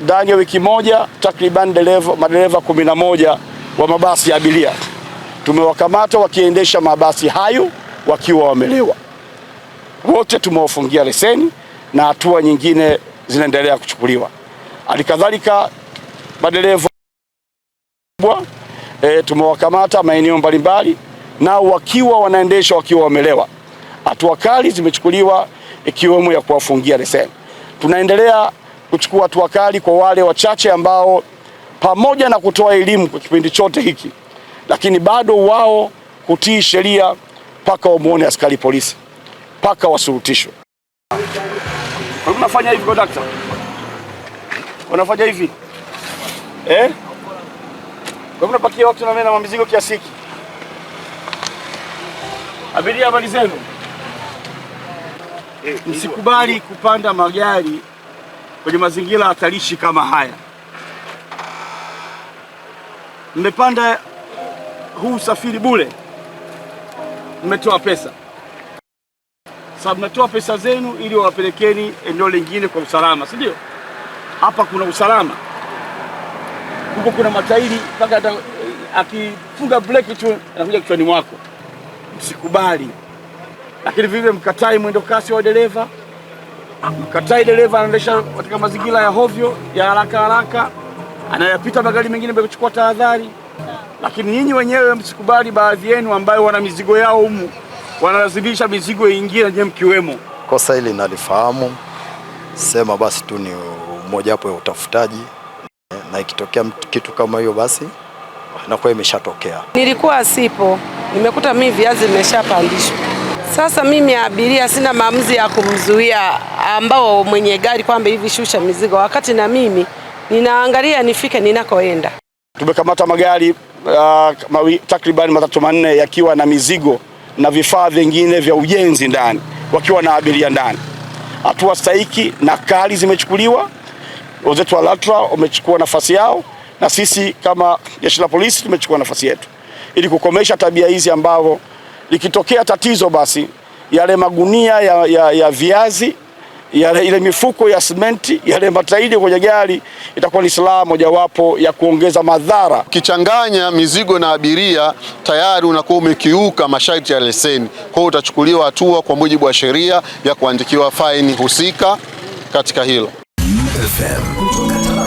ndani ya wiki moja takriban madereva kumi na moja wa mabasi ya abiria tumewakamata wakiendesha mabasi hayo wakiwa wamelewa. Wote tumewafungia leseni na hatua nyingine zinaendelea kuchukuliwa. Halikadhalika madereva e, tumewakamata maeneo mbalimbali nao wakiwa wanaendesha wakiwa wamelewa. Hatua kali zimechukuliwa ikiwemo ya kuwafungia leseni. Tunaendelea kuchukua hatua kali kwa wale wachache ambao pamoja na kutoa elimu kwa kipindi chote hiki, lakini bado wao kutii sheria mpaka wamwone askari polisi mpaka wasurutishwe. Kwa nini Unafanya hivi kondakta, unafanya hivi eh? Kwa nini mnapakia watu na mimi na mizigo kiasi hiki. Abiria, habari zenu. Msikubali kupanda magari kwenye mazingira hatarishi kama haya. Mmepanda huu usafiri bure, mmetoa pesa sasa, mnatoa pesa zenu ili wawapelekeni eneo lingine kwa usalama, si ndio? Hapa kuna usalama, huko kuna matairi mpaka hata eh, akifunga breki tu anakuja kichwani mwako. Msikubali, lakini vivyo mkatai mwendo kasi wa dereva Mkatai dereva anaendesha katika mazingira ya hovyo ya haraka haraka, anayapita magari mengine bila kuchukua tahadhari. Lakini nyinyi wenyewe msikubali baadhi yenu ambayo wana mizigo yao humu wanalazimisha mizigo ingine nyewe mkiwemo. Kosa hili nalifahamu, sema basi tu ni mmoja wapo ya utafutaji, na ikitokea kitu kama hiyo basi inakuwa imeshatokea. Nilikuwa sipo, nimekuta mimi viazi vimeshapandishwa sasa mimi abiria sina maamuzi ya kumzuia ambao mwenye gari kwamba hivi shusha mizigo, wakati na mimi ninaangalia nifike ninakoenda. Tumekamata magari uh, takribani matatu manne yakiwa na mizigo na vifaa vingine vya ujenzi ndani, wakiwa na abiria ndani. Hatua stahiki na kali zimechukuliwa. Wenzetu wa LATRA wamechukua nafasi yao na sisi kama jeshi la polisi tumechukua nafasi yetu ili kukomesha tabia hizi ambavyo Likitokea tatizo, basi yale magunia ya, ya, ya viazi yale, ile mifuko ya simenti yale matairi kwenye gari itakuwa ni silaha mojawapo ya kuongeza madhara. Ukichanganya mizigo na abiria tayari unakuwa umekiuka masharti ya leseni, kwa hiyo utachukuliwa hatua kwa mujibu wa sheria ya kuandikiwa faini husika katika hilo FM.